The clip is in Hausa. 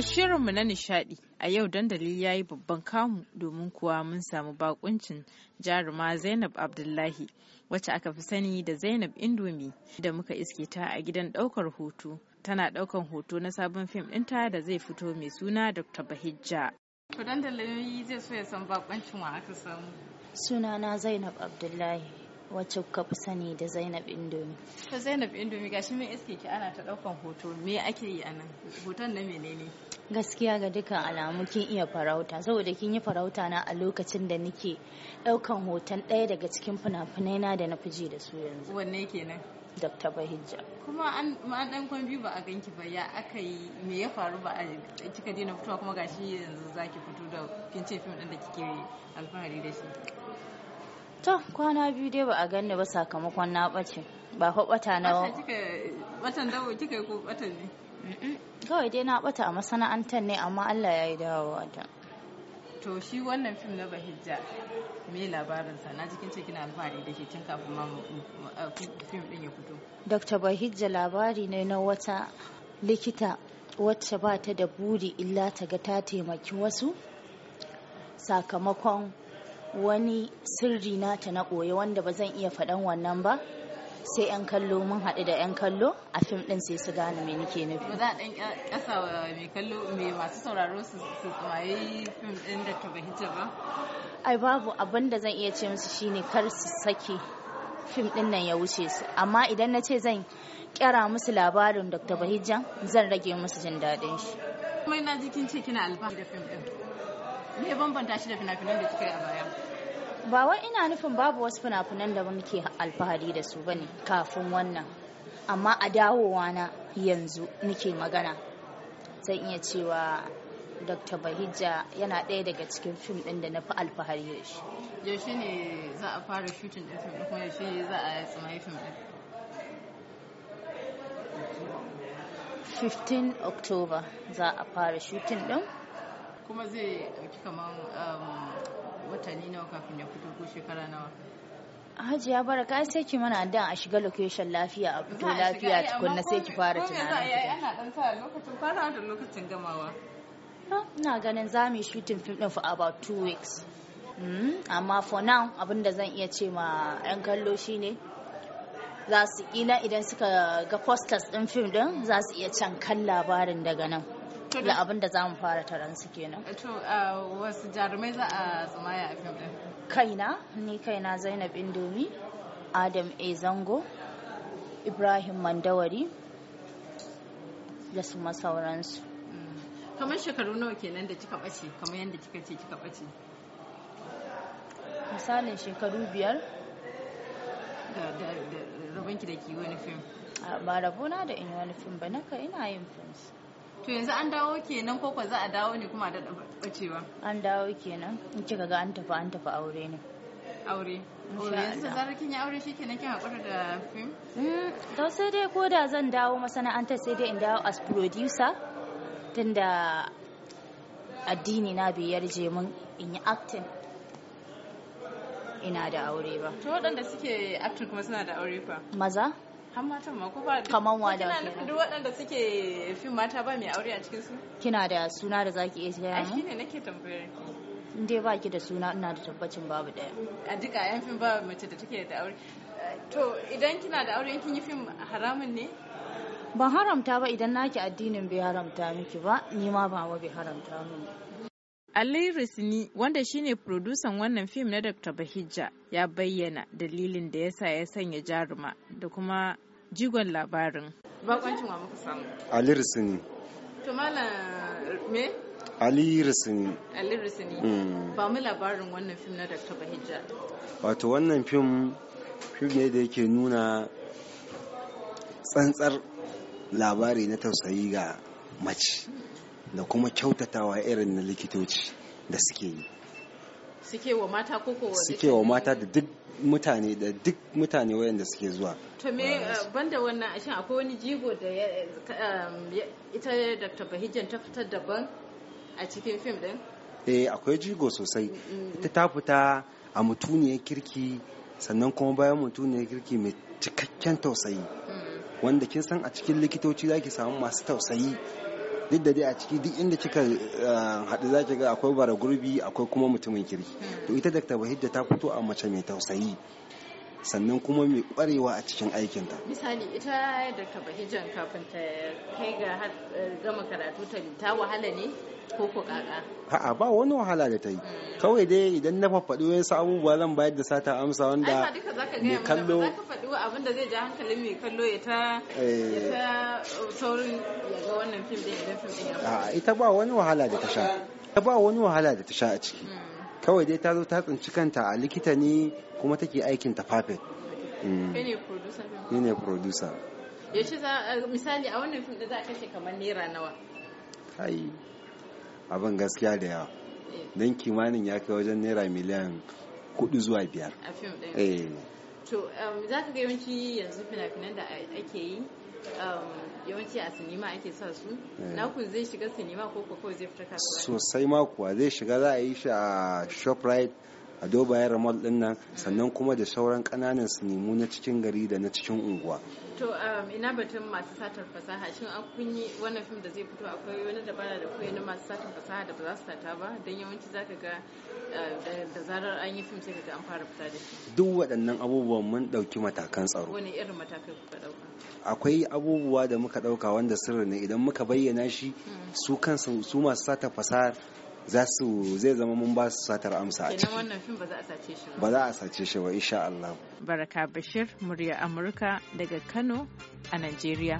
A shirinmu na nishaɗi a yau dandali ya yi babban kamu domin kuwa mun samu bakuncin jaruma Zainab Abdullahi wacce aka fi sani da Zainab Indomi da muka iske ta a gidan ɗaukar hoto. Tana ɗaukar hoto na sabon fim ɗinta da zai fito mai suna Dr. Bahijja. To dandali zai so ya san bakuncin wa aka samu. Sunana Zainab Abdullahi. wacce kuka fi sani da Zainab Indomi. ta Zainab Indomi gashi mun iske ki ana ta daukan hoto me ake yi anan? Hoton na menene? Gaskiya ga dukkan alamu kin iya farauta saboda kin yi farauta na a lokacin da nike daukan hoton ɗaya daga cikin fina-finai na da na fije da su yanzu. Wanne kenan? Dr. Bahijja. Kuma an dan kwan ba a ganki ba ya aka yi me ya faru ba a kika dina fitowa kuma gashi yanzu zaki fito da kin ce fim din da kike alfahari da shi. to kwana biyu dai ba a ganni ba sakamakon na bace ba fa bata na ba batan dawo kika ko batan ne kawai dai na bata a masana'antar ne amma Allah ya yi dawowa ta to shi wannan fim na bahijja me labarinsa na cikin cikin alfahari da ke tun kafin ma fim din ya fito dr bahijja labari ne na wata likita wacce ba ta da buri illa ta ga ta taimaki wasu sakamakon wani sirri nata na ɓoye wanda ba zan iya faɗan wannan ba sai 'yan kallo mun haɗu da 'yan kallo a fim ɗin sai su gane me nake nufi. Ba za a ɗan ƙasa mai kallo mai masu sauraro su tsamaye fim ɗin da ta bahita ba? Ai babu abin da zan iya ce musu shine kar su sake fim ɗin nan ya wuce su amma idan na ce zan kyara musu labarin Dr. bahijan zan rage musu jin daɗin shi. Kuma ina jikin ce kina alfahari da fim ɗin. me bambanta shi da fina-finan da suke a baya ba wai ina nufin babu wasu fina-finan da muke alfahari da su bane kafin wannan amma a dawowa na yanzu nake magana zan iya cewa dr bahija yana ɗaya daga cikin fim ɗin da na fi alfahari da shi yaushe ne za a fara shooting ɗin fim kuma yaushe ne za a tsumayi fim ɗin 15 october za a fara shooting ɗin kuma zai dauki kaman um, watanni nawa kafin ya fito ko shekara nawa Hajiya baraka ai sai ki mana addan a shiga location lafiya a fito lafiya eh, tukun na sai ki fara tunanin. Ana dan sa lokacin fara da lokacin gamawa. Ina ganin za mu yi shooting film din for about two weeks. Hmm, amma for now abinda zan iya ce ma 'yan kallo shine za su kila idan suka ga posters din film din za su iya can kan labarin daga nan. da abin da za mu fara taron su kenan to wasu jarumai za a zama a fim din kaina ni kaina zainab indomi adam a zango ibrahim mandawari da su masauransu mm. kamar shekaru nawa kenan da kika ɓace kamar yadda kika ce kika ɓace misalin shekaru biyar da rabonki da ki wani fim ba rabona da in wani fim ba naka ina yin fim. to yanzu an dawo kenan ko ko za a dawo ne kuma da bacewa an dawo kenan in kika ga an tafi an tafi aure ne aure yanzu da zarar kin yi aure shi kenan kin haƙura da fim mm, to sai dai ko da zan dawo masana'anta sai dai in dawo as producer tunda addini na bai yarje mun in yi acting ina da aure ba to waɗanda suke acting kuma suna da aure fa maza har matan ma ko ba kaman wada kina nufin duk waɗanda suke mata ba mai aure a cikin su kina da suna da zaki iya gaya mu shine nake tambayar in dai baki da suna ina da tabbacin babu daya a duka yan fim ba mace da take da aure to idan kina da aure kin yi fim haramun ne ban haramta ba idan naki addinin bai haramta miki ba ni ma ba bai haramta mini Ali Risni wanda shine producer wannan fim na Dr. Bahijja ya bayyana dalilin da yasa ya sanya jaruma da kuma jigon labarin. Bakoncin wa muka samu. Ali Risni. To me? Ali Risni. Ali Risni. Mm. Ba mu labarin wannan fim na Dr. Bahijja. Wato wannan fim fim ne da yake nuna tsantsar labari na tausayi ga mace. da kuma kyautatawa irin na likitoci da suke yi suke wa mata da duk mutane da duk mutane wayanda suke zuwa to me eh, banda wannan ashin akwai wani jigo da um, ita dr bahijjan ta fitar daban a cikin fim din eh akwai jigo sosai ita ta fita a mutuniyar kirki sannan kuma bayan mutuniyar kirki mai cikakken tausayi mm. wanda kin san a cikin likitoci zaki samu masu tausayi duk da dai a ciki duk inda kika eh, haɗu za ki ga akwai bara gurbi akwai kuma mutumin kirki hmm. to ita ta Bahidda ta fito a mace mai tausayi sannan kuma mai kwarewa a cikin aikinta. Misali ita Dr. Bahijan kafin ta kai ga eh, gama karatu ta wahala ne? ko ko kaka ba wani wahala da ta yi kawai dai idan na faɗi wasu abubuwa zan bayar da sata amsa wanda mai kallo za ka faɗi abin da zai ja hankalin mai kallo ya ta saurin eh. uh, ya ga wannan fim din idan fim din ya a'a ita ba wani wahala da ta sha Ita ba wani wahala da ta sha a ciki hmm. kawai dai ta zo ta tsinci kanta a likita ne kuma take aikin ta perfect hmm. ne producer ni ne producer yaushe za uh, misali a wannan fim da za a kashe kamar naira nawa kai abin gaskiya da yawa eh. don kimanin ya kai wajen naira miliyan kudu zuwa biyar eh. to um, za ka ga yawanci yanzu fina-finan da ake yi um, yawanci a sinima ake sa su eh. naku zai shiga sinima ko kuwa zai fita kasuwa sosai makuwa zai shiga za a yi shi a shoprite a dobayar ramal din nan sannan kuma da sauran kananan sinimu na cikin gari da na cikin unguwa to um, ina batun masu satar fasaha shin an kunyi wannan fim da zai fito akwai wani dabara da koyi na masu satar fasaha da ba za su sata ba don yawanci zaka ga uh, da zarar an yi fim sai ka ga an fara fita da shi duk waɗannan abubuwan mun ɗauki matakan tsaro wani irin matakai kuka ɗauka akwai abubuwa da muka ɗauka wanda sirri ne idan muka bayyana shi hmm. su kansu su masu sata fasahar za su zai zama mun ba su satar amsa a ciki wannan fim ba za a sace shi ba za a insha Allah baraka bashir murya amurka daga Kano a Najeriya